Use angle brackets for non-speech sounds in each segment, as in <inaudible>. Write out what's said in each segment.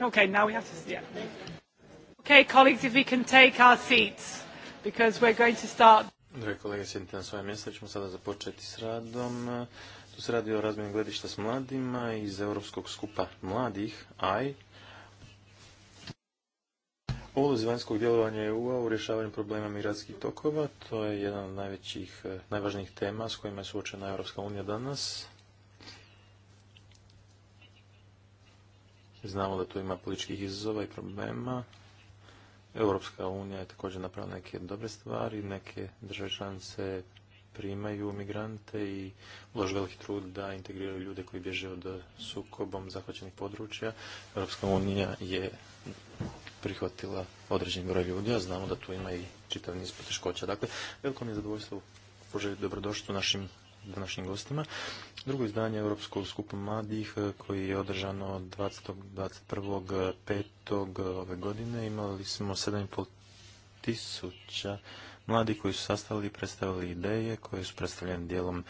Okay, now we have to... Yeah. Okay, colleagues, if we can take our seats, because we're going to start... kolege, sjedite na svoje mjesta, ćemo sada započeti s radom. Tu se radi o razmjeni gledišta s mladima iz Europskog skupa mladih, AI, ulozi vanjskog djelovanja EU-a u rješavanju problema migracijskih tokova. To je jedan od najvećih, najvažnijih tema s kojima je suočena Europska unija danas. Znamo da tu ima političkih izazova i problema. Europska unija je također napravila neke dobre stvari, neke države članice primaju migrante i ulože veliki trud da integriraju ljude koji bježe od sukobom zahvaćenih područja. Europska unija je prihvatila određen broj ljudi, a znamo da tu ima i čitav niz poteškoća. Dakle, veliko mi je zadovoljstvo poželjiti dobrodošću našim današnjim gostima. Drugo izdanje Europskog skupa mladih eh, koji je održano 20. 21. Eh, eh, ove godine imali smo 7,5 tisuća mladi koji su sastavili i predstavili ideje koje su predstavljene dijelom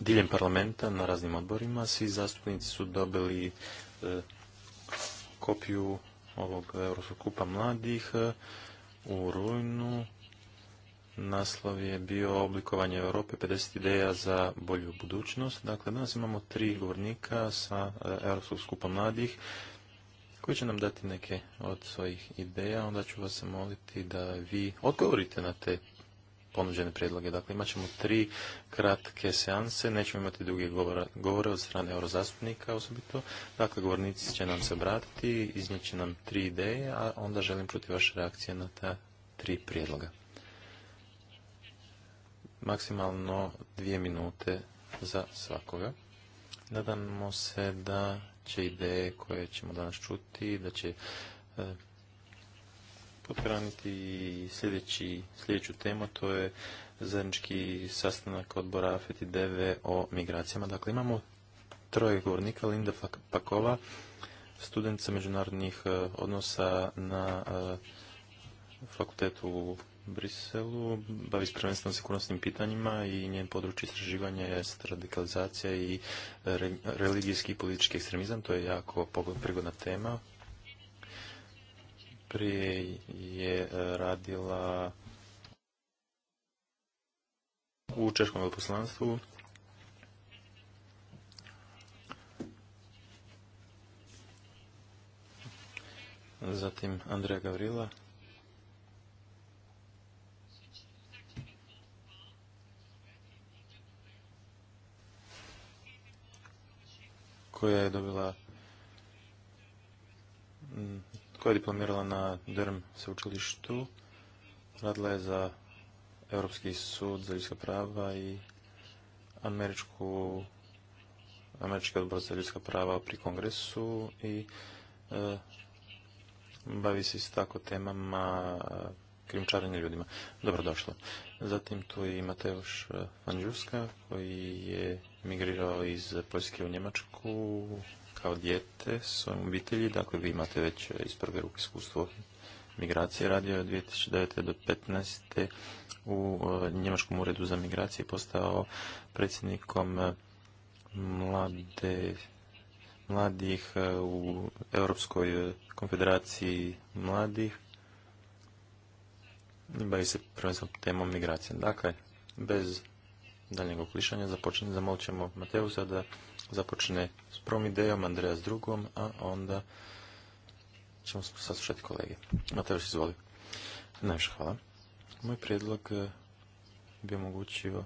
diljem parlamenta na raznim odborima. Svi zastupnici su dobili kopiju ovog Europskog skupa mladih u rujnu naslov je bio oblikovanje Europe 50 ideja za bolju budućnost. Dakle, danas imamo tri govornika sa e, Europskog skupa mladih koji će nam dati neke od svojih ideja. Onda ću vas moliti da vi odgovorite na te ponuđene prijedloge. Dakle, imat ćemo tri kratke seanse, nećemo imati duge govore, od strane eurozastupnika osobito. Dakle, govornici će nam se obratiti, iznijet će nam tri ideje, a onda želim čuti vaše reakcije na ta tri prijedloga maksimalno dvije minute za svakoga. Nadamo se da će ideje koje ćemo danas čuti, da će e, popraniti sljedeći, sljedeću temu, to je zajednički sastanak odbora afeti DV o migracijama. Dakle, imamo troje govornika, Linda Pakova, studentica međunarodnih e, odnosa na e, fakultetu Briselu, bavi se prvenstveno sigurnosnim pitanjima i njen područje istraživanja je radikalizacija i religijski i politički ekstremizam. To je jako prigodna tema. Prije je e, radila u Češkom veliposlanstvu. Zatim Andreja Gavrila, koja je dobila mm, koja je diplomirala na DRM sveučilištu, radila je za Europski sud za ljudska prava i Američku, Američki odbor za ljudska prava pri kongresu i e, bavi se isto tako temama krimčarenje ljudima. Dobrodošlo. Zatim tu je i Mateusz e, koji je migrirao iz Poljske u Njemačku kao dijete svojom obitelji. Dakle, vi imate već e, iz prve ruke iskustvo migracije. Radio je od 2009. do 2015. u e, Njemačkom uredu za migracije postao predsjednikom mlade mladih u Europskoj konfederaciji mladih bavi se prvenstveno temom migracije. Dakle, bez daljnjeg oklišanja započne, zamolit ćemo Mateusa da započne s prvom idejom, Andreja s drugom, a onda ćemo saslušati kolege. Mateus, izvoli. Najviše hvala. Moj prijedlog eh, bi omogućio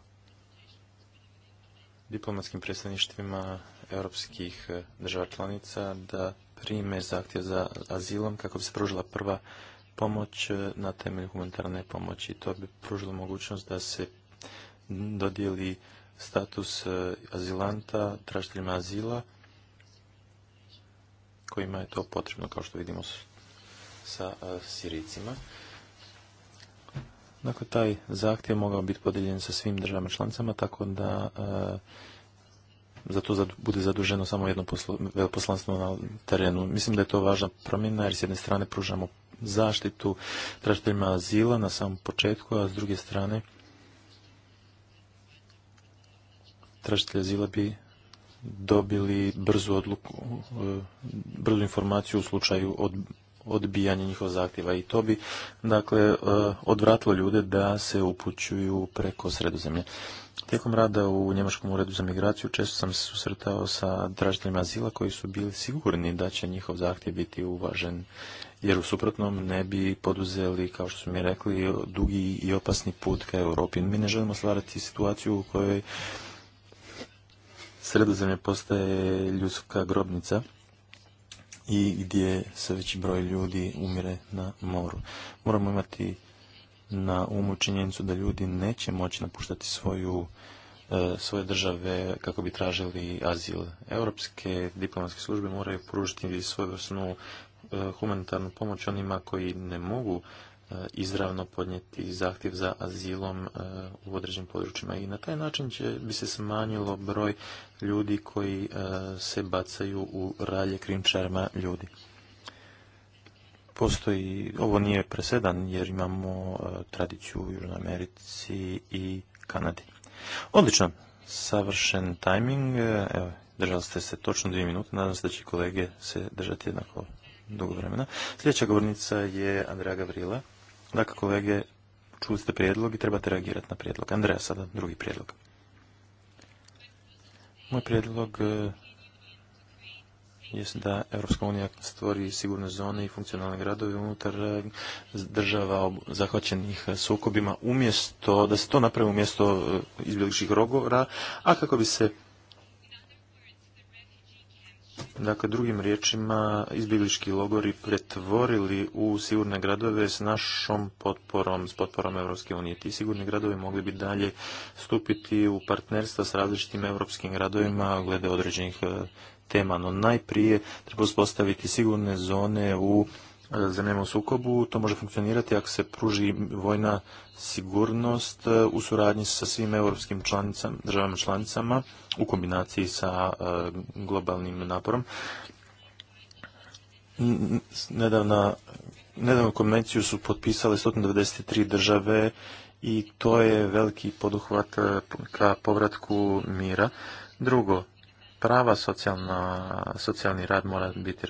diplomatskim predstavništvima europskih eh, država članica da prime zahtjev za azilom kako bi se pružila prva pomoć e, na temelju humanitarne pomoći. To bi pružilo mogućnost da se dodijeli status e, azilanta, tražiteljima azila, kojima je to potrebno, kao što vidimo sa e, Sirijcima. Dakle, taj zahtjev mogao biti podijeljen sa svim državama članicama, tako da za to bude zaduženo samo jedno poslanstvo na terenu. Mislim da je to važna promjena, jer s jedne strane pružamo zaštitu tražiteljima azila na samom početku, a s druge strane tražitelji azila bi dobili brzu odluku, e, brzu informaciju u slučaju od, odbijanja njihova zahtjeva i to bi dakle e, odvratilo ljude da se upućuju preko sredozemlje. Tijekom rada u Njemačkom uredu za migraciju često sam se susretao sa tražiteljima azila koji su bili sigurni da će njihov zahtjev biti uvažen, jer u suprotnom ne bi poduzeli, kao što su mi rekli, dugi i opasni put ka Europi. Mi ne želimo stvarati situaciju u kojoj sredozemlje postaje ljudska grobnica i gdje se veći broj ljudi umire na moru. Moramo imati na umu činjenicu da ljudi neće moći napuštati svoju e, svoje države kako bi tražili azil. Europske diplomatske službe moraju pružiti svojevrsnu e, humanitarnu pomoć onima koji ne mogu e, izravno podnijeti zahtjev za azilom u određenim područjima i na taj način će, bi se smanjilo broj ljudi koji se bacaju u ralje krimčarima ljudi postoji, ovo nije presedan jer imamo e, tradiciju u Južnoj Americi i Kanadi. Odlično, savršen tajming, e, evo, držali ste se točno dvije minute, nadam se da će kolege se držati jednako dugo vremena. Sljedeća govornica je Andreja Gavrila. Dakle, kolege, čuli ste prijedlog i trebate reagirati na prijedlog. Andreja, sada drugi prijedlog. Moj prijedlog e, jest da Europska unija stvori sigurne zone i funkcionalne gradove unutar e, država zahvaćenih sukobima umjesto, da se to napravi umjesto e, izbjegličkih rogora, a kako bi se Dakle, drugim riječima, izbjeglički logori pretvorili u sigurne gradove s našom potporom, s potporom Europske unije. Ti sigurni gradovi mogli bi dalje stupiti u partnerstva s različitim europskim gradovima glede određenih e, tema, no najprije treba uspostaviti sigurne zone u e, zemljama sukobu. To može funkcionirati ako se pruži vojna sigurnost e, u suradnji sa svim europskim državama članicama u kombinaciji sa e, globalnim naporom. Nedavno nedavnu konvenciju su potpisale 193 države i to je veliki poduhvat ka povratku mira. Drugo, prava, socijalna, socijalni rad mora biti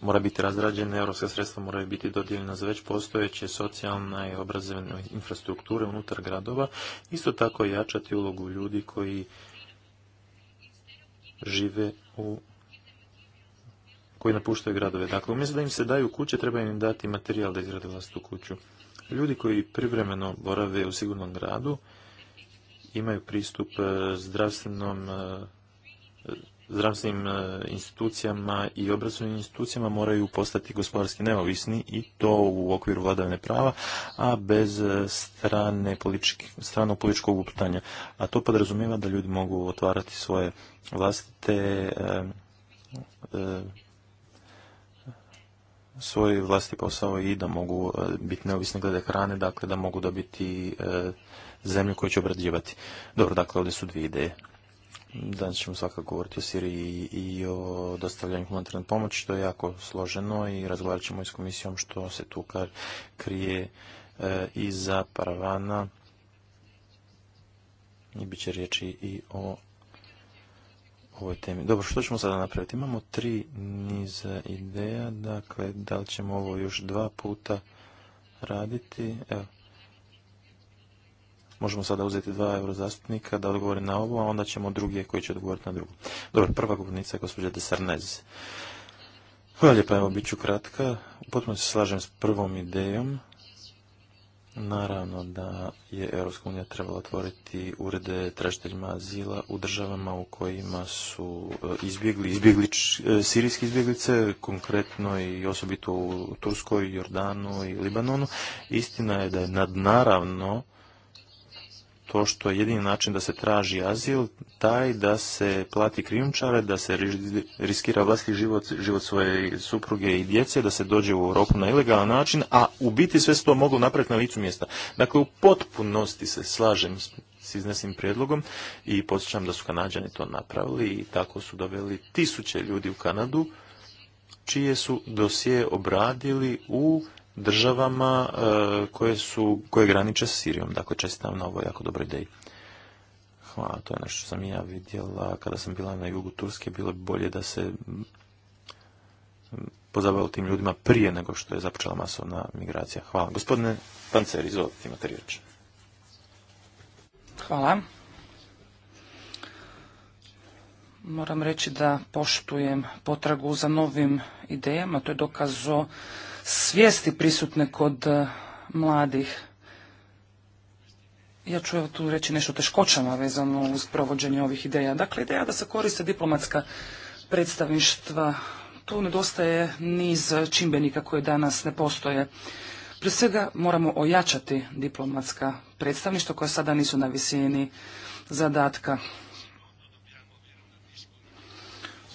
mora biti razrađen, europska sredstva moraju biti dodijeljena za već postojeće socijalne i obrazovne infrastrukture unutar gradova, isto tako jačati ulogu ljudi koji žive u koji napuštaju gradove. Dakle, umjesto da im se daju kuće, treba im dati materijal da izgrade vlastitu kuću. Ljudi koji privremeno borave u sigurnom gradu imaju pristup e, zdravstvenom e, zdravstvenim e, institucijama i obrazovnim institucijama moraju postati gospodarski neovisni i to u okviru vladavne prava, a bez e, strane politički, stranog političkog uputanja. A to podrazumijeva da ljudi mogu otvarati svoje vlastite e, svoj vlasti posao i da mogu biti neovisni glede hrane, dakle da mogu dobiti zemlju koju će obrađivati. Dobro, dakle ovdje su dvije ideje. Danas ćemo svakako govoriti o Siriji i o dostavljanju humanitarne pomoći, što je jako složeno i razgovarat ćemo i s komisijom što se tu krije e, iza paravana i bit će riječi i o ovoj temi. Dobro, što ćemo sada napraviti? Imamo tri niza ideja, dakle, da li ćemo ovo još dva puta raditi? Evo, Možemo sada uzeti dva eurozastupnika da odgovore na ovo, a onda ćemo druge koji će odgovoriti na drugo. Dobro, prva govornica je gospođa Desarnez. Hvala lijepa, evo, bit ću kratka. Potpuno se slažem s prvom idejom. Naravno da je Europska unija trebala otvoriti urede tražiteljima azila u državama u kojima su e, izbjegli, izbjegli e, sirijski izbjeglice, konkretno i osobito u Turskoj, Jordanu i Libanonu. Istina je da je nadnaravno to što je jedini način da se traži azil taj da se plati krijumčare, da se riskira vlastiti život, život svoje supruge i djece, da se dođe u Europu na ilegalan način, a u biti sve se to moglo napraviti na licu mjesta. Dakle, u potpunosti se slažem s iznesenim prijedlogom i podsjećam da su kanađani to napravili i tako su doveli tisuće ljudi u Kanadu čije su dosije obradili u državama e, koje, su, koje graniče s Sirijom. Dakle, čestitam na ovoj jako dobroj ideji. Hvala, to je nešto što sam ja vidjela kada sam bila na jugu Turske. Bilo bi bolje da se pozabavio tim ljudima prije nego što je započela masovna migracija. Hvala. Gospodine Pancer, izvolite, imate riječ. Hvala. Moram reći da poštujem potragu za novim idejama. To je dokaz o svijesti prisutne kod e, mladih. Ja ću tu reći nešto teškoćama vezano uz provođenje ovih ideja. Dakle, ideja da se koriste diplomatska predstavništva. Tu nedostaje niz čimbenika koje danas ne postoje. Prije svega moramo ojačati diplomatska predstavništva koja sada nisu na visini zadatka.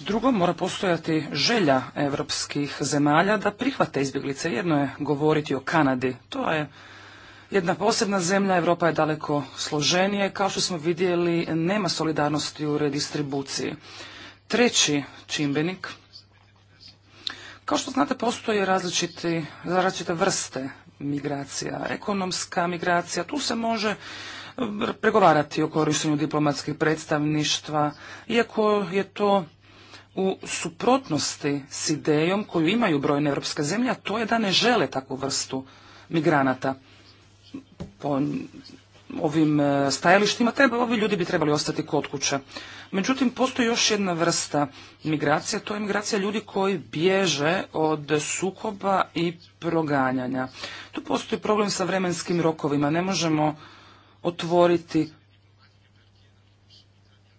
Drugo, mora postojati želja evropskih zemalja da prihvate izbjeglice. Jedno je govoriti o Kanadi. To je jedna posebna zemlja, Europa je daleko složenije. Kao što smo vidjeli, nema solidarnosti u redistribuciji. Treći čimbenik. Kao što znate, postoje različite, različite vrste migracija. Ekonomska migracija, tu se može pregovarati o korištenju diplomatskih predstavništva, iako je to u suprotnosti s idejom koju imaju brojne europske zemlje, a to je da ne žele takvu vrstu migranata. Po ovim e, stajalištima treba, ovi ljudi bi trebali ostati kod kuće. Međutim, postoji još jedna vrsta migracija, to je migracija ljudi koji bježe od sukoba i proganjanja. Tu postoji problem sa vremenskim rokovima, ne možemo otvoriti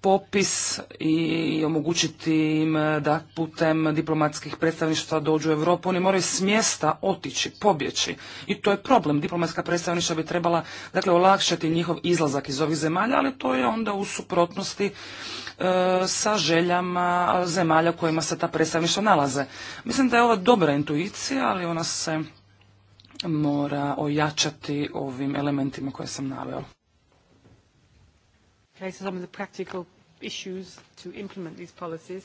popis i omogućiti im e, da putem diplomatskih predstavništva dođu u Europu. Oni moraju s mjesta otići, pobjeći. I to je problem. Diplomatska predstavništva bi trebala dakle, olakšati njihov izlazak iz ovih zemalja, ali to je onda u suprotnosti e, sa željama zemalja kojima se ta predstavništva nalaze. Mislim da je ova dobra intuicija, ali ona se mora ojačati ovim elementima koje sam naveo. Okay, issues to implement these policies.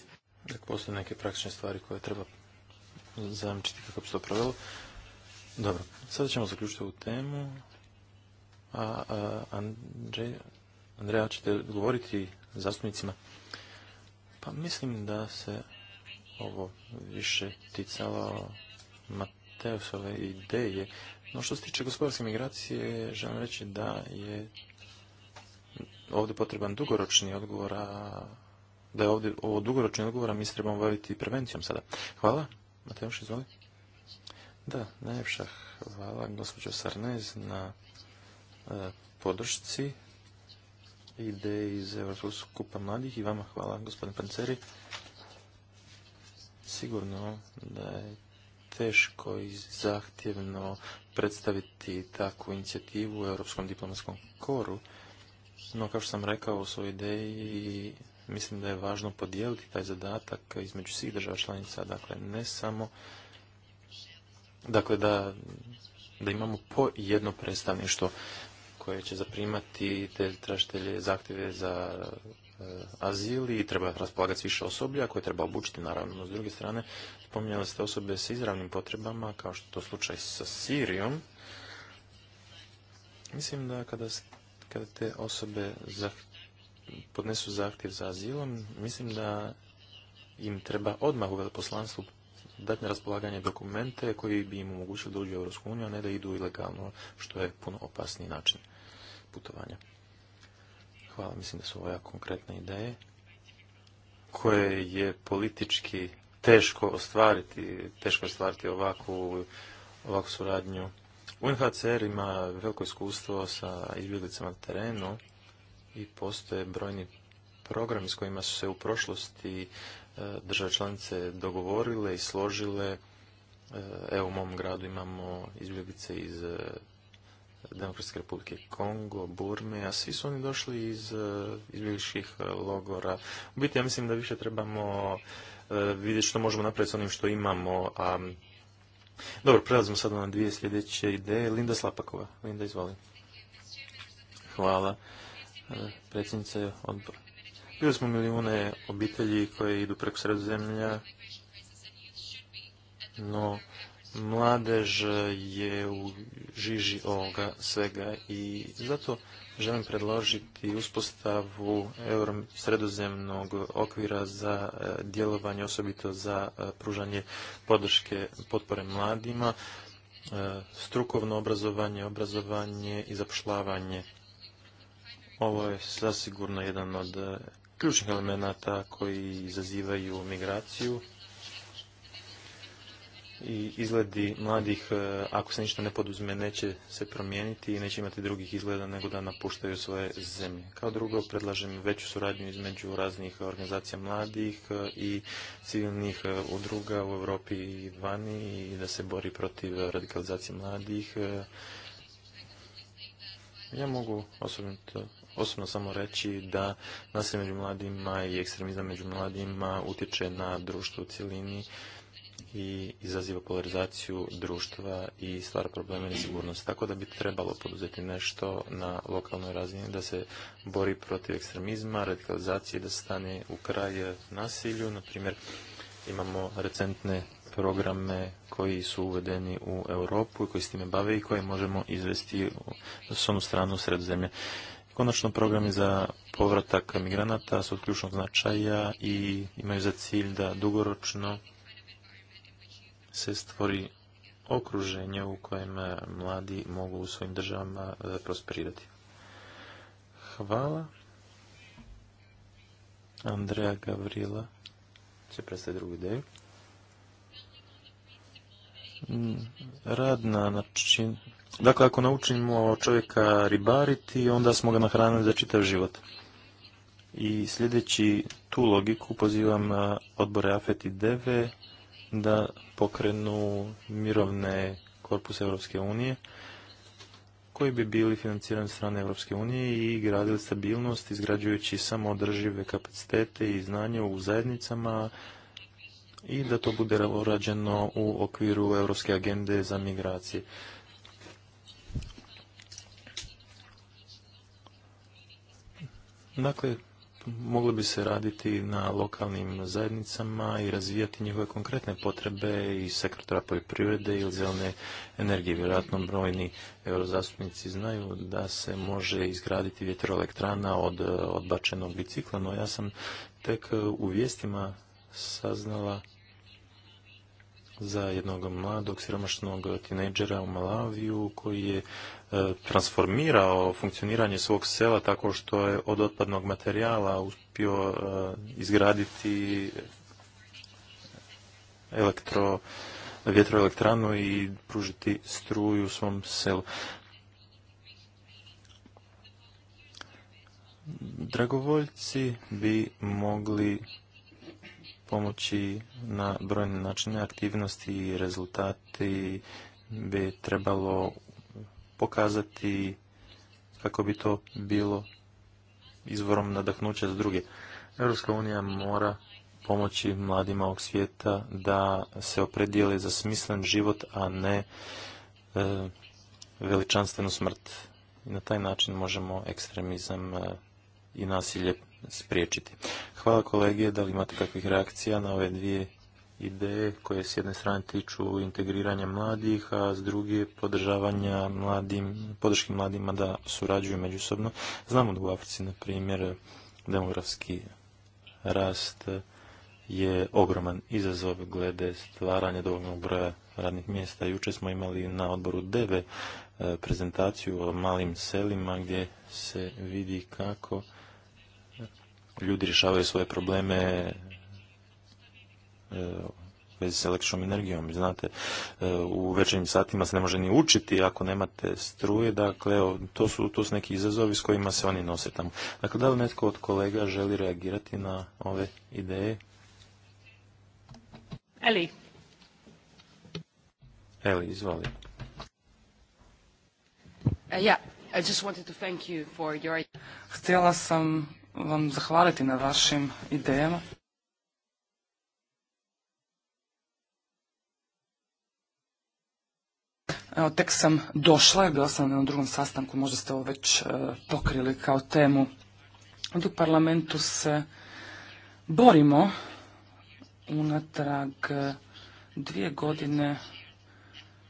Dakle, postoje neke praktične stvari koje treba zamčiti kako bi se to provelo. Dobro, sada ćemo zaključiti ovu temu. A, a Andrej, Andreja, ćete govoriti zastupnicima? Pa mislim da se ovo više ticalo Mateusove ideje. No što se tiče gospodarske migracije, želim reći da je ovdje potreban dugoročni odgovor, a da je ovdje ovo dugoročni odgovor, a mi se trebamo baviti prevencijom sada. Hvala. Mateoš, izvoli. Da, najljepša hvala gospođo Sarnez na e, podršci ideje iz Evropskog skupa mladih i vama hvala gospodine Panceri. Sigurno da je teško i zahtjevno predstaviti takvu inicijativu u Europskom diplomatskom koru no, kao što sam rekao u svojoj ideji, mislim da je važno podijeliti taj zadatak između svih država članica, dakle ne samo dakle da, da imamo po jedno predstavništvo koje će zaprimati te tražitelje zahtjeve za azili eh, azil i treba raspolagati više osoblja koje treba obučiti naravno. No, s druge strane, spominjali ste osobe s izravnim potrebama kao što je to slučaj sa Sirijom. Mislim da kada kada te osobe podnesu zahtjev za azilom, mislim da im treba odmah u veleposlanstvu dati na raspolaganje dokumente koji bi im omogućili da uđu u Europsku a ne da idu ilegalno, što je puno opasniji način putovanja. Hvala, mislim da su ovo jako konkretne ideje koje je politički teško ostvariti, teško ostvariti ovakvu, ovakvu suradnju UNHCR ima veliko iskustvo sa izbjeglicama na terenu i postoje brojni programi s kojima su se u prošlosti e, države članice dogovorile i složile. E, evo u mom gradu imamo izbjeglice iz e, Demokratske republike Kongo, Burme, a svi su oni došli iz izbjegličkih logora. U biti ja mislim da više trebamo vidjeti što možemo napraviti s onim što imamo, a dobro, prelazimo sad na dvije sljedeće ideje. Linda Slapakova. Linda, izvoli. Hvala, e, predsjednice odbora. Bili smo milijune obitelji koje idu preko sredozemlja, no mladež je u žiži ovoga svega i zato želim predložiti uspostavu sredozemnog okvira za e, djelovanje, osobito za e, pružanje podrške potpore mladima, e, strukovno obrazovanje, obrazovanje i zapošljavanje. Ovo je sasigurno jedan od ključnih elemenata koji izazivaju migraciju i izgledi mladih, e, ako se ništa ne poduzme, neće se promijeniti i neće imati drugih izgleda nego da napuštaju svoje zemlje. Kao drugo, predlažem veću suradnju između raznih organizacija mladih e, i civilnih e, udruga u Europi i vani i da se bori protiv radikalizacije mladih. Ja mogu osobno osobno samo reći da nasilje među mladima i ekstremizam među mladima utječe na društvo u cjelini i izaziva polarizaciju društva i stvara probleme nesigurnosti. Tako da bi trebalo poduzeti nešto na lokalnoj razini da se bori protiv ekstremizma, radikalizacije, da stane u kraj nasilju. Naprimjer, imamo recentne programe koji su uvedeni u Europu i koji s time bave i koje možemo izvesti u onu stranu sredozemlja. Konačno programi za povratak migranata su od ključnog značaja i imaju za cilj da dugoročno se stvori okruženje u kojem e, mladi mogu u svojim državama e, prosperirati. Hvala. Andreja Gavrila će predstaviti drugu ideju. Mm, rad na način... Dakle, ako naučimo čovjeka ribariti, onda smo ga nahranili za čitav život. I sljedeći tu logiku pozivam e, odbore AFET DEVE da pokrenu mirovne korpuse Europske unije koji bi bili financirani strane Europske unije i gradili stabilnost izgrađujući samo održive kapacitete i znanje u zajednicama i da to bude urađeno u okviru Europske agende za migracije. Dakle, Mogli bi se raditi na lokalnim zajednicama i razvijati njihove konkretne potrebe i sektora poljoprivrede ili zelene energije. Vjerojatno brojni eurozastupnici znaju da se može izgraditi vjetroelektrana od eh, odbačenog bicikla, no ja sam tek u vijestima saznala za jednog mladog siromašnog tinejdžera u Malaviju koji je e, transformirao funkcioniranje svog sela tako što je od otpadnog materijala uspio e, izgraditi elektro, vjetroelektranu i pružiti struju u svom selu. Dragovoljci bi mogli pomoći na brojne načine aktivnosti i rezultati bi trebalo pokazati kako bi to bilo izvorom nadahnuća za druge. Europska unija mora pomoći mladima ovog svijeta da se opredijele za smislen život, a ne e, veličanstvenu smrt. I na taj način možemo ekstremizam e, i nasilje spriječiti. Hvala kolege, da li imate kakvih reakcija na ove dvije ideje koje s jedne strane tiču integriranja mladih, a s druge podržavanja mladim, podrške mladima da surađuju međusobno. Znamo da u Africi, na primjer, demografski rast je ogroman izazov glede stvaranja dovoljnog broja radnih mjesta. Juče smo imali na odboru DEVE eh, prezentaciju o malim selima gdje se vidi kako ljudi rješavaju svoje probleme e, vezi s električnom energijom. Znate, e, u večernjim satima se ne može ni učiti ako nemate struje, dakle, to su, to su neki izazovi s kojima se oni nose tamo. Dakle, da li netko od kolega želi reagirati na ove ideje? Eli. Eli, izvoli. Htjela sam vam zahvaliti na vašim idejama. Evo, tek sam došla, bio bila sam na drugom sastanku, možda ste ovo već e, pokrili kao temu. Ovdje u parlamentu se borimo unatrag e, dvije godine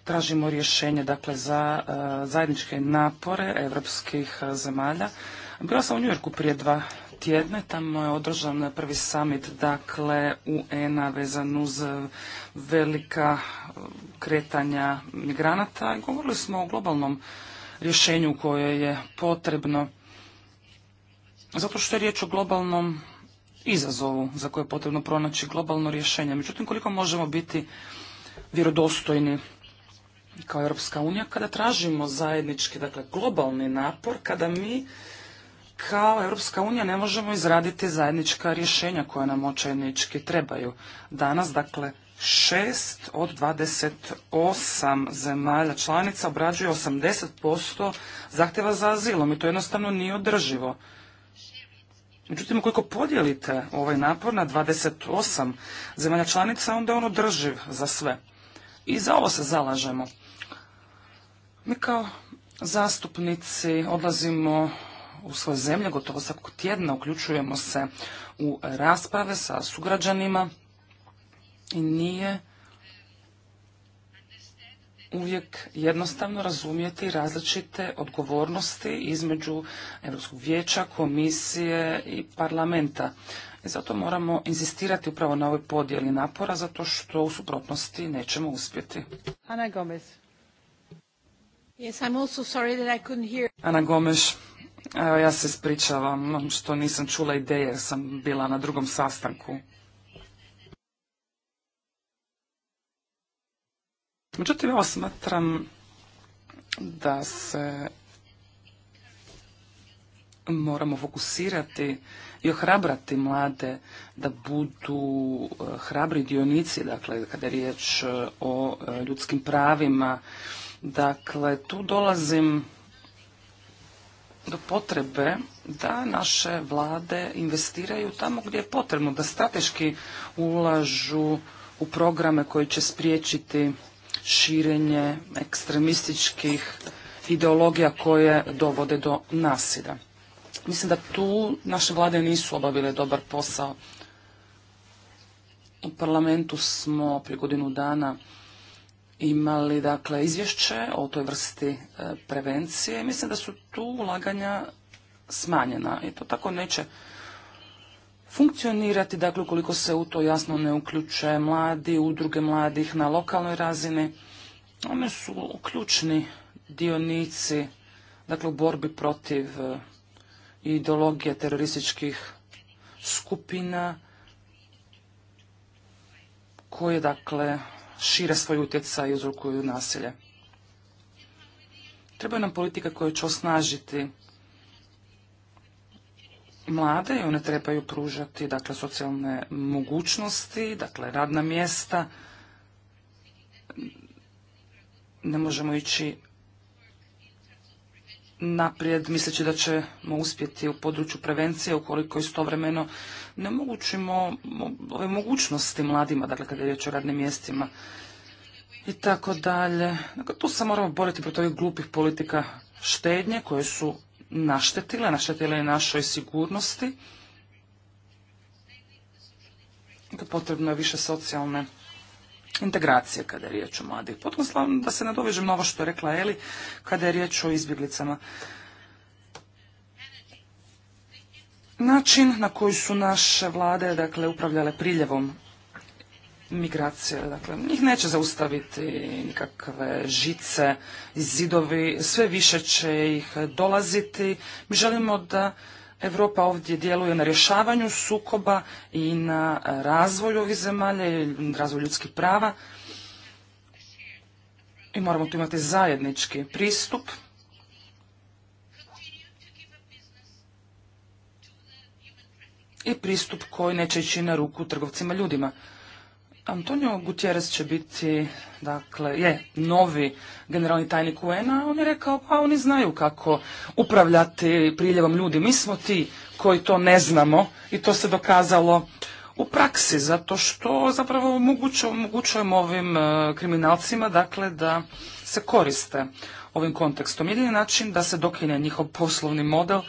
tražimo rješenje dakle za e, zajedničke napore europskih zemalja bila sam u Njujorku prije dva tjedne, tamo je održan prvi summit, dakle UN-a vezan uz e, velika e, kretanja migranata i govorili smo o globalnom rješenju koje je potrebno zato što je riječ o globalnom izazovu za koje je potrebno pronaći globalno rješenje. Međutim, koliko možemo biti vjerodostojni kao Europska unija kada tražimo zajednički, dakle globalni napor, kada mi kao Europska unija ne možemo izraditi zajednička rješenja koja nam očajnički trebaju. Danas, dakle, šest od 28 zemalja članica obrađuje 80% zahtjeva za azilom i to jednostavno nije održivo. Međutim, ukoliko podijelite ovaj napor na 28 zemalja članica, onda je on održiv za sve. I za ovo se zalažemo. Mi kao zastupnici odlazimo u svoje zemlje, gotovo svakog tjedna uključujemo se u rasprave sa sugrađanima i nije uvijek jednostavno razumjeti različite odgovornosti između Europskog vijeća, komisije i parlamenta. I zato moramo inzistirati upravo na ovoj podjeli napora, zato što u suprotnosti nećemo uspjeti. Ana Gomez. Ana Gomez. Evo, ja se ispričavam što nisam čula ideje jer sam bila na drugom sastanku. Međutim, ja smatram da se moramo fokusirati i ohrabrati mlade da budu e, hrabri dionici, dakle, kada je riječ e, o e, ljudskim pravima. Dakle, tu dolazim do potrebe da naše vlade investiraju tamo gdje je potrebno, da strateški ulažu u programe koji će spriječiti širenje ekstremističkih ideologija koje dovode do nasilja. Mislim da tu naše vlade nisu obavile dobar posao. U parlamentu smo prije godinu dana imali dakle izvješće o toj vrsti e, prevencije i mislim da su tu ulaganja smanjena i to tako neće funkcionirati, dakle ukoliko se u to jasno ne uključe mladi, udruge mladih na lokalnoj razini, one su ključni dionici dakle u borbi protiv e, ideologije terorističkih skupina koje dakle šire svoj utjecaj i uzrokuju nasilje. Treba nam politika koja će osnažiti mlade i one trebaju pružati dakle, socijalne mogućnosti, dakle radna mjesta. Ne možemo ići naprijed misleći da ćemo uspjeti u području prevencije ukoliko istovremeno ne omogućimo ove mogućnosti mladima, dakle kada je riječ o radnim mjestima i tako dalje. Dakle, tu se moramo boriti protiv ovih glupih politika štednje koje su naštetile, naštetile i našoj sigurnosti. Dakle, potrebno je više socijalne integracije kada je riječ o mladih. Potom slavno da se nadovežem na ovo što je rekla Eli kada je riječ o izbjeglicama. Način na koji su naše vlade dakle, upravljale priljevom migracije, dakle, njih neće zaustaviti nikakve žice, zidovi, sve više će ih dolaziti. Mi želimo da Europa ovdje djeluje na rješavanju sukoba i na razvoju ovih zemalja i razvoju ljudskih prava. I moramo tu imati zajednički pristup. I pristup koji neće ići na ruku trgovcima ljudima. Antonio Gutierrez će biti, dakle, je novi generalni tajnik UN-a, on je rekao, pa oni znaju kako upravljati priljevom ljudi. Mi smo ti koji to ne znamo i to se dokazalo u praksi, zato što zapravo omogućujemo ovim e, kriminalcima, dakle, da se koriste ovim kontekstom. Jedini način da se dokine njihov poslovni model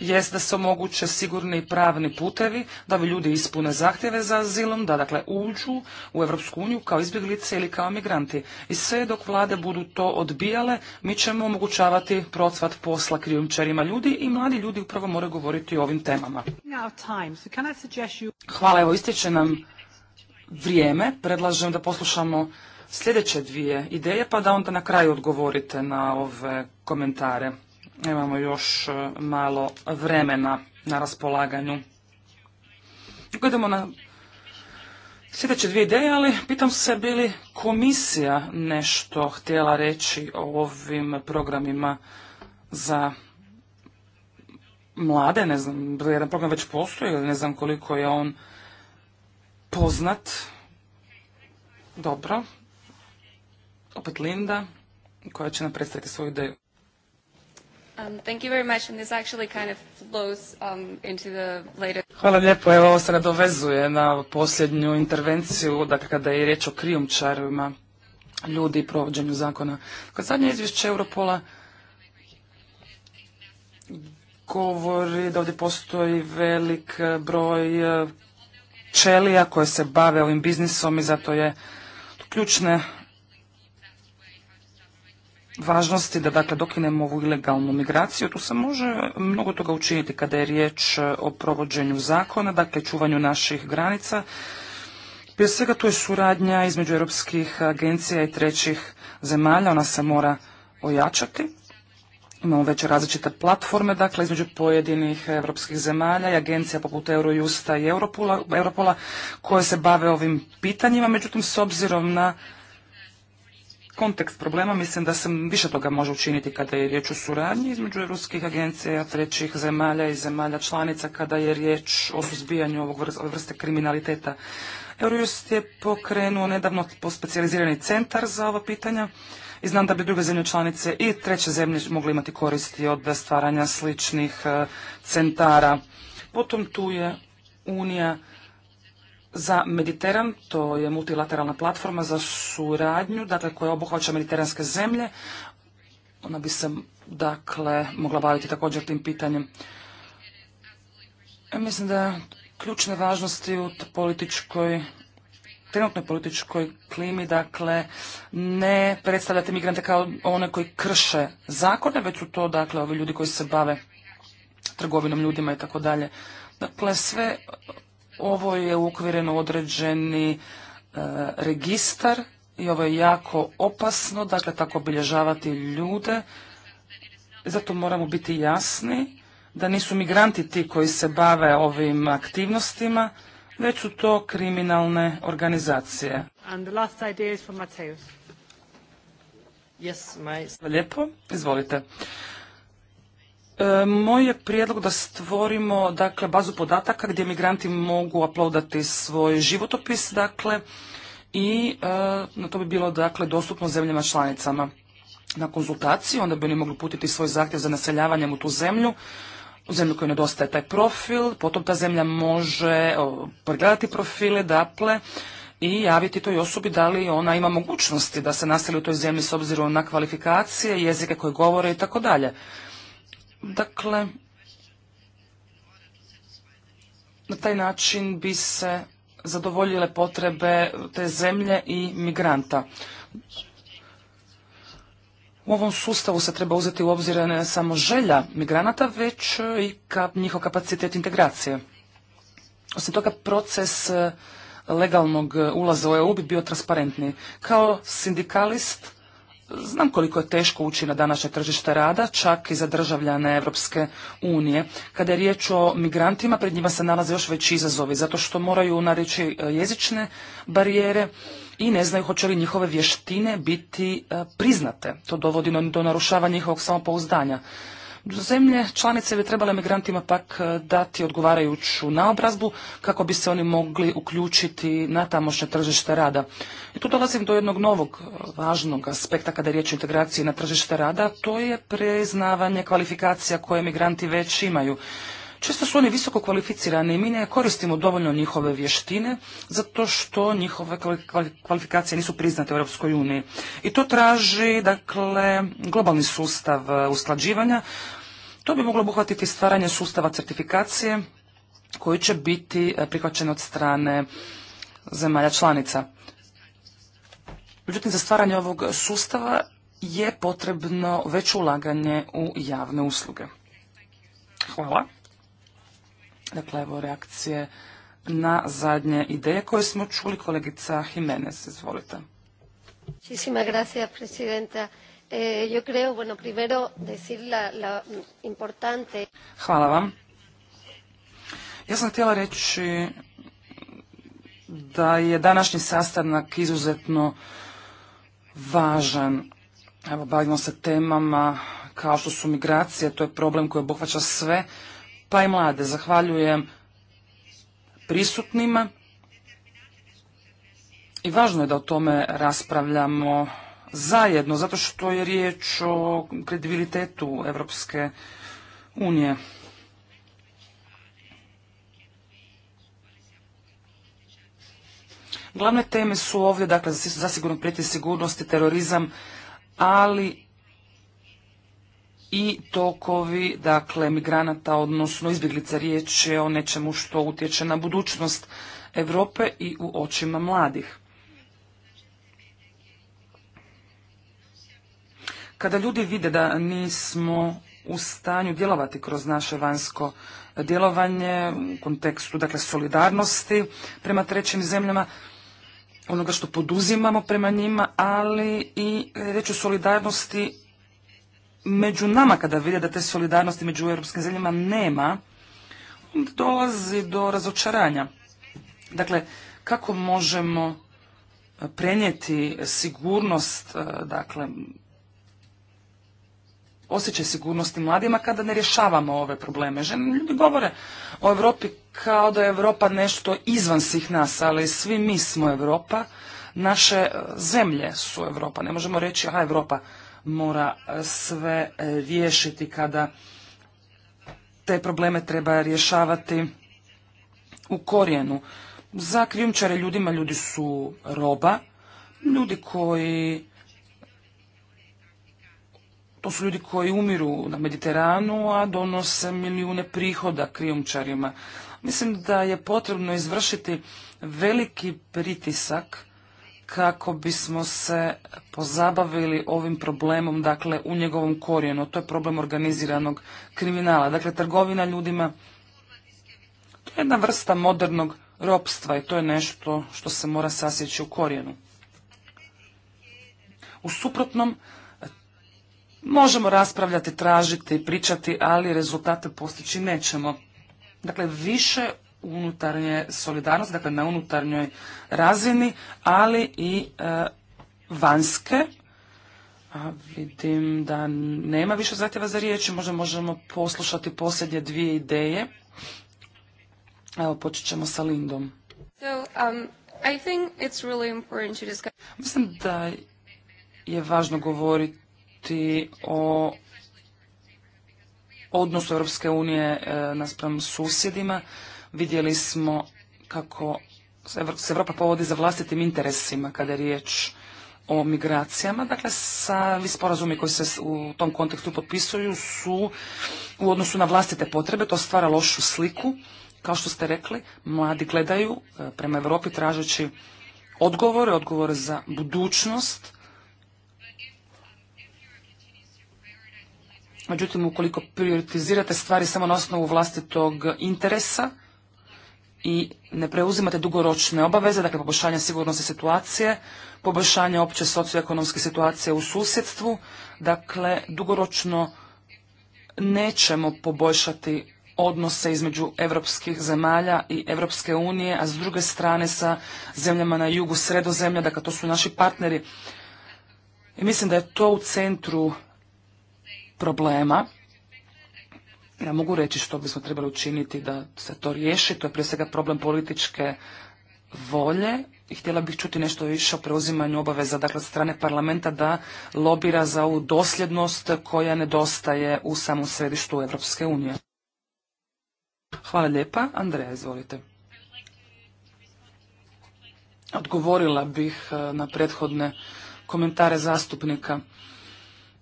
jest da se omoguće sigurni i pravni putevi, da bi ljudi ispune zahtjeve za azilom, da dakle uđu u Europsku uniju kao izbjeglice ili kao migranti. I sve dok vlade budu to odbijale, mi ćemo omogućavati procvat posla krijumčarima ljudi i mladi ljudi upravo moraju govoriti o ovim temama. Hvala, evo ističe nam vrijeme. Predlažem da poslušamo sljedeće dvije ideje, pa da onda na kraju odgovorite na ove komentare. Imamo još e, malo vremena na raspolaganju. Gledamo na sljedeće dvije ideje, ali pitam se bi li komisija nešto htjela reći o ovim programima za mlade, ne znam, jedan program već postoji ili ne znam koliko je on poznat. Dobro. Opet Linda koja će nam predstaviti svoju ideju. Um, thank you very Hvala lijepo. Evo ovo se nadovezuje na posljednju intervenciju, dakle kada je riječ o krijumčarima ljudi i provođenju zakona. Kad zadnje izvješće Europola govori da ovdje postoji velik e, broj čelija e, koje se bave ovim biznisom i zato je ključne važnosti da dakle dokinemo ovu ilegalnu migraciju. Tu se može mnogo toga učiniti kada je riječ o provođenju zakona, dakle čuvanju naših granica. Prije svega to je suradnja između europskih agencija i trećih zemalja, ona se mora ojačati. Imamo već različite platforme, dakle, između pojedinih europskih zemalja i agencija poput Eurojusta i Europola, Europola koje se bave ovim pitanjima. Međutim, s obzirom na kontekst problema mislim da se više toga može učiniti kada je riječ o suradnji između europskih agencija, trećih zemalja i zemalja članica kada je riječ o suzbijanju ovog vrste kriminaliteta. Eurojust je pokrenuo nedavno specijalizirani centar za ova pitanja i znam da bi druge zemlje članice i treće zemlje mogli imati koristi od stvaranja sličnih eh, centara. Potom tu je Unija za Mediteran, to je multilateralna platforma za suradnju, dakle koja obuhvaća mediteranske zemlje. Ona bi se dakle mogla baviti također tim pitanjem. Ja mislim da ključne važnosti u političkoj trenutnoj političkoj klimi, dakle, ne predstavljate migrante kao one koji krše zakone, već su to, dakle, ovi ljudi koji se bave trgovinom ljudima i tako dalje. Dakle, sve ovo je ukvireno određeni e, registar i ovo je jako opasno, dakle tako obilježavati ljude. Zato moramo biti jasni da nisu migranti ti koji se bave ovim aktivnostima, već su to kriminalne organizacije. Lijepo, izvolite. E, moj je prijedlog da stvorimo dakle, bazu podataka gdje migranti mogu uploadati svoj životopis dakle, i e, na to bi bilo dakle, dostupno zemljama članicama na konzultaciju, onda bi oni mogli putiti svoj zahtjev za naseljavanjem u tu zemlju, u zemlju koju nedostaje taj profil, potom ta zemlja može pregledati profile, dakle, i javiti toj osobi da li ona ima mogućnosti da se naseli u toj zemlji s obzirom na kvalifikacije, jezike koje govore i tako dalje. Dakle, na taj način bi se zadovoljile potrebe te zemlje i migranta. U ovom sustavu se treba uzeti u obzir ne samo želja migranata, već i ka njihov kapacitet integracije. Osim toga, proces eh, legalnog ulaza u EU bi bio transparentniji. Kao sindikalist Znam koliko je teško ući na današnje tržište rada, čak i za državljane Europske unije. Kada je riječ o migrantima, pred njima se nalaze još veći izazovi, zato što moraju nareći e, jezične barijere i ne znaju hoće li njihove vještine biti e, priznate. To dovodi do narušavanja njihovog samopouzdanja. Zemlje članice bi trebale migrantima pak e, dati odgovarajuću naobrazbu kako bi se oni mogli uključiti na tamošnje tržište rada. I tu dolazim do jednog novog e, važnog aspekta kada je riječ o integraciji na tržište rada, to je priznavanje kvalifikacija koje migranti već imaju. Često su oni visoko kvalificirani i mi ne koristimo dovoljno njihove vještine zato što njihove kvalifikacije nisu priznate u Europskoj uniji. I to traži dakle globalni sustav e, usklađivanja. To bi moglo obuhvatiti stvaranje sustava certifikacije koji će biti e, prihvaćen od strane zemalja članica. Međutim, za stvaranje ovog sustava je potrebno veće ulaganje u javne usluge. Hvala. Dakle, evo reakcije na zadnje ideje koje smo čuli. Kolegica Jimenez, izvolite. Muchísimas gracias, presidenta. Eh, yo creo, bueno, primero la importante... Hvala vam. Ja sam htjela reći da je današnji sastanak izuzetno važan. Evo, bavimo se temama kao što su migracije, to je problem koji obuhvaća sve pa i mlade. Zahvaljujem prisutnima i važno je da o tome raspravljamo zajedno, zato što je riječ o kredibilitetu Evropske unije. Glavne teme su ovdje, dakle, zasigurno prijeti sigurnosti, terorizam, ali i tokovi, dakle, migranata, odnosno izbjeglica riječ je o nečemu što utječe na budućnost Europe i u očima mladih. Kada ljudi vide da nismo u stanju djelovati kroz naše vanjsko djelovanje u kontekstu dakle, solidarnosti prema trećim zemljama, onoga što poduzimamo prema njima, ali i reći o solidarnosti među nama kada vide da te solidarnosti među europskim zemljama nema, dolazi do razočaranja. Dakle, kako možemo e, prenijeti sigurnost, e, dakle, osjećaj sigurnosti mladima kada ne rješavamo ove probleme. Žene ljudi govore o Europi kao da je Europa nešto izvan svih nas, ali svi mi smo Europa, naše e, zemlje su Europa. Ne možemo reći, aha, Europa mora sve e, riješiti kada te probleme treba rješavati u korijenu. Za krijumčare ljudima ljudi su roba, ljudi koji to su ljudi koji umiru na Mediteranu, a donose milijune prihoda krijumčarima. Mislim da je potrebno izvršiti veliki pritisak kako bismo se pozabavili ovim problemom, dakle, u njegovom korijenu. To je problem organiziranog kriminala. Dakle, trgovina ljudima, to je jedna vrsta modernog ropstva i to je nešto što se mora sasjeći u korijenu. U suprotnom, možemo raspravljati, tražiti, pričati, ali rezultate postići nećemo. Dakle, više unutarnje solidarnosti, dakle na unutarnjoj razini, ali i e, vanjske. A vidim da nema više zahtjeva za riječ, možda možemo poslušati posljednje dvije ideje. Evo, počet ćemo sa Lindom. Um, Mislim da je važno govoriti o odnosu Europske unije e, naspram susjedima. Vidjeli smo kako se Evropa povodi za vlastitim interesima kada je riječ o migracijama. Dakle, savi sporazumi koji se u tom kontekstu potpisuju su u odnosu na vlastite potrebe. To stvara lošu sliku. Kao što ste rekli, mladi gledaju e, prema Europi tražeći odgovore, odgovore za budućnost. Međutim, ukoliko prioritizirate stvari samo na osnovu vlastitog interesa, i ne preuzimate dugoročne obaveze, dakle poboljšanje sigurnosne situacije, poboljšanje opće socioekonomske situacije u susjedstvu, dakle dugoročno nećemo poboljšati odnose između europskih zemalja i Europske unije, a s druge strane sa zemljama na jugu sredozemlja, dakle to su naši partneri. I mislim da je to u centru problema ja mogu reći što bismo trebali učiniti da se to riješi. To je prije svega problem političke volje i htjela bih čuti nešto više o preuzimanju obaveza dakle strane parlamenta da lobira za ovu dosljednost koja nedostaje u samom središtu Evropske unije. Hvala lijepa. Andreja, izvolite. Odgovorila bih e, na prethodne komentare zastupnika.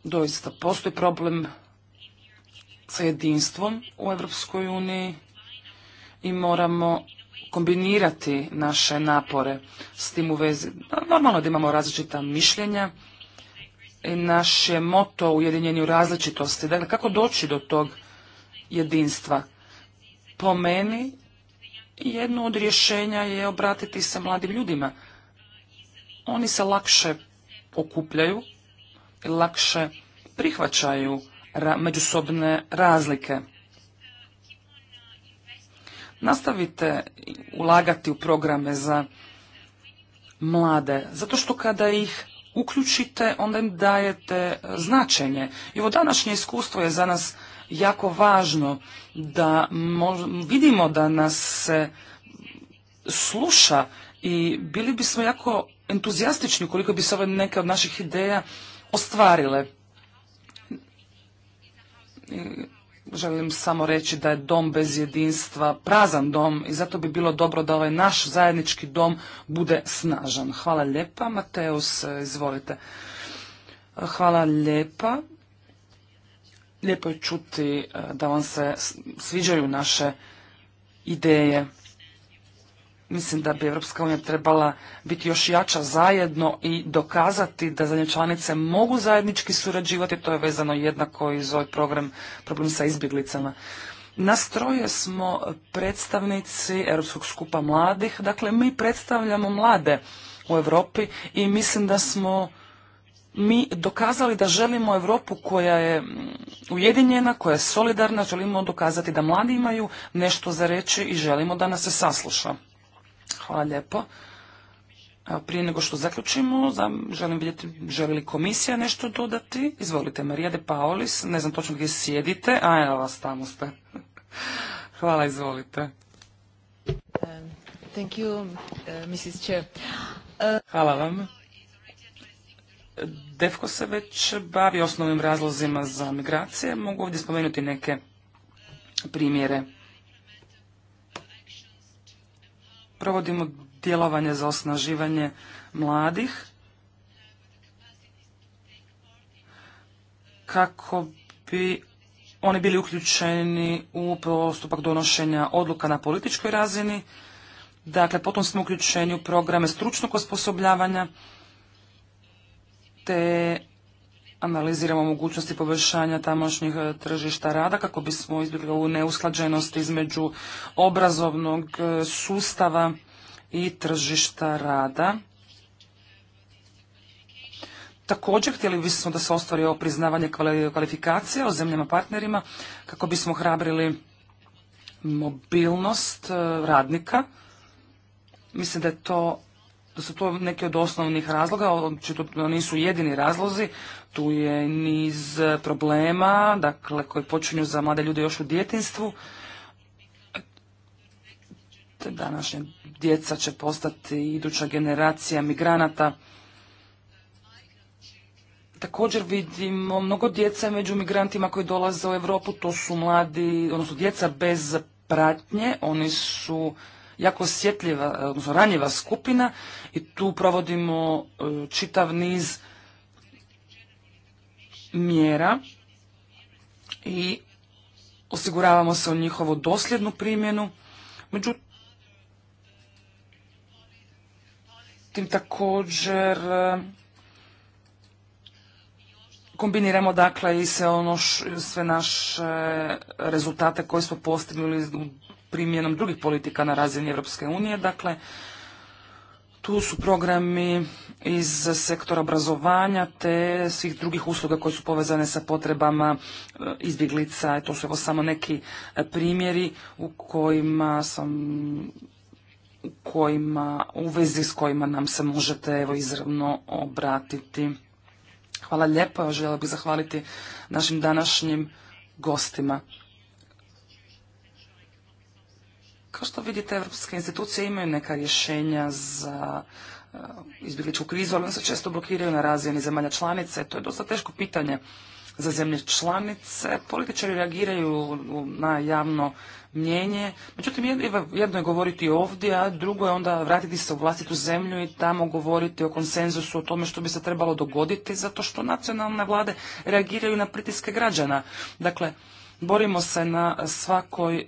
Doista, postoji problem sa jedinstvom u Europskoj uniji i moramo kombinirati naše napore s tim u vezi. Normalno da imamo različita mišljenja i naš je moto ujedinjenju različitosti. Dakle, kako doći do tog jedinstva? Po meni, jedno od rješenja je obratiti se mladim ljudima. Oni se lakše okupljaju, lakše prihvaćaju međusobne razlike. Nastavite ulagati u programe za mlade, zato što kada ih uključite, onda im dajete značenje. I ovo današnje iskustvo je za nas jako važno da vidimo da nas se sluša i bili bismo jako entuzijastični koliko bi se ove neke od naših ideja ostvarile želim samo reći da je dom bez jedinstva prazan dom i zato bi bilo dobro da ovaj naš zajednički dom bude snažan. Hvala lijepa. Mateus, izvolite. Hvala lijepa. Lijepo je čuti eh, da vam se sviđaju naše ideje. Mislim da bi Europska unija trebala biti još jača zajedno i dokazati da zadnje članice mogu zajednički surađivati, to je vezano jednako i za ovaj program, problem sa izbjeglicama. Nastroje smo predstavnici Europskog skupa mladih, dakle mi predstavljamo mlade u Europi i mislim da smo mi dokazali da želimo Europu koja je ujedinjena, koja je solidarna, želimo dokazati da mladi imaju nešto za reći i želimo da nas se sasluša. Hvala lijepo. Prije nego što zaključimo, želim vidjeti, želi li komisija nešto dodati? Izvolite, Marija de Paolis, ne znam točno gdje sjedite, a evo vas tamo ste. <laughs> Hvala, izvolite. Um, uh, uh, Hvala vam. Defko se već bavi osnovnim razlozima za migracije. Mogu ovdje spomenuti neke primjere. provodimo djelovanje za osnaživanje mladih kako bi oni bili uključeni u postupak donošenja odluka na političkoj razini. Dakle, potom smo uključeni u programe stručnog osposobljavanja te analiziramo mogućnosti poboljšanja tamošnjih e, tržišta rada kako bismo izbjegli ovu neusklađenost između obrazovnog e, sustava i tržišta rada. Također htjeli bismo da se ostvari ovo priznavanje kvalifikacija o zemljama partnerima kako bismo hrabrili mobilnost e, radnika. Mislim da je to da su to neki od osnovnih razloga, očito nisu jedini razlozi, tu je niz problema, dakle, koji počinju za mlade ljude još u djetinstvu. Današnje djeca će postati iduća generacija migranata. Također vidimo mnogo djece među migrantima koji dolaze u Europu, to su mladi, odnosno djeca bez pratnje, oni su jako osjetljiva, eh, odnosno ranjiva skupina i tu provodimo eh, čitav niz mjera i osiguravamo se o njihovu dosljednu primjenu. Međutim, tim također eh, kombiniramo dakle i se ono sve naše rezultate koje smo postignuli primjenom drugih politika na razini Europske unije. Dakle, tu su programi iz sektora obrazovanja te svih drugih usluga koje su povezane sa potrebama e, izbjeglica. To su evo samo neki e, primjeri u kojima sam u kojima, u vezi s kojima nam se možete evo izravno obratiti. Hvala lijepo, Želio bih zahvaliti našim današnjim gostima. Kao što vidite, evropske institucije imaju neka rješenja za e, izbjegličku krizu, ali se često blokiraju na razini zemalja članice. To je dosta teško pitanje za zemlje članice. Političari reagiraju na javno mnjenje. Međutim, jedno je govoriti ovdje, a drugo je onda vratiti se u vlastitu zemlju i tamo govoriti o konsenzusu, o tome što bi se trebalo dogoditi, zato što nacionalne vlade reagiraju na pritiske građana. Dakle, borimo se na svakoj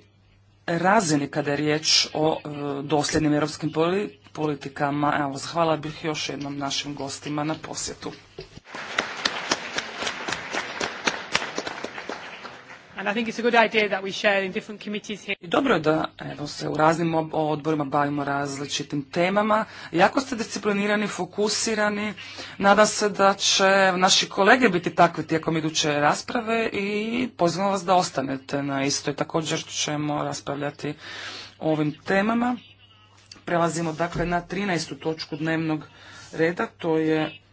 razini kada je riječ o e, dosljednim europskim politikama. Evo, zahvala bih još jednom našim gostima na posjetu. I Dobro je da evo, se u raznim odborima bavimo različitim temama. Jako ste disciplinirani, fokusirani. Nadam se da će naši kolege biti takvi tijekom iduće rasprave i pozivam vas da ostanete na istoj. Također ćemo raspravljati o ovim temama. Prelazimo dakle na 13. točku dnevnog reda, to je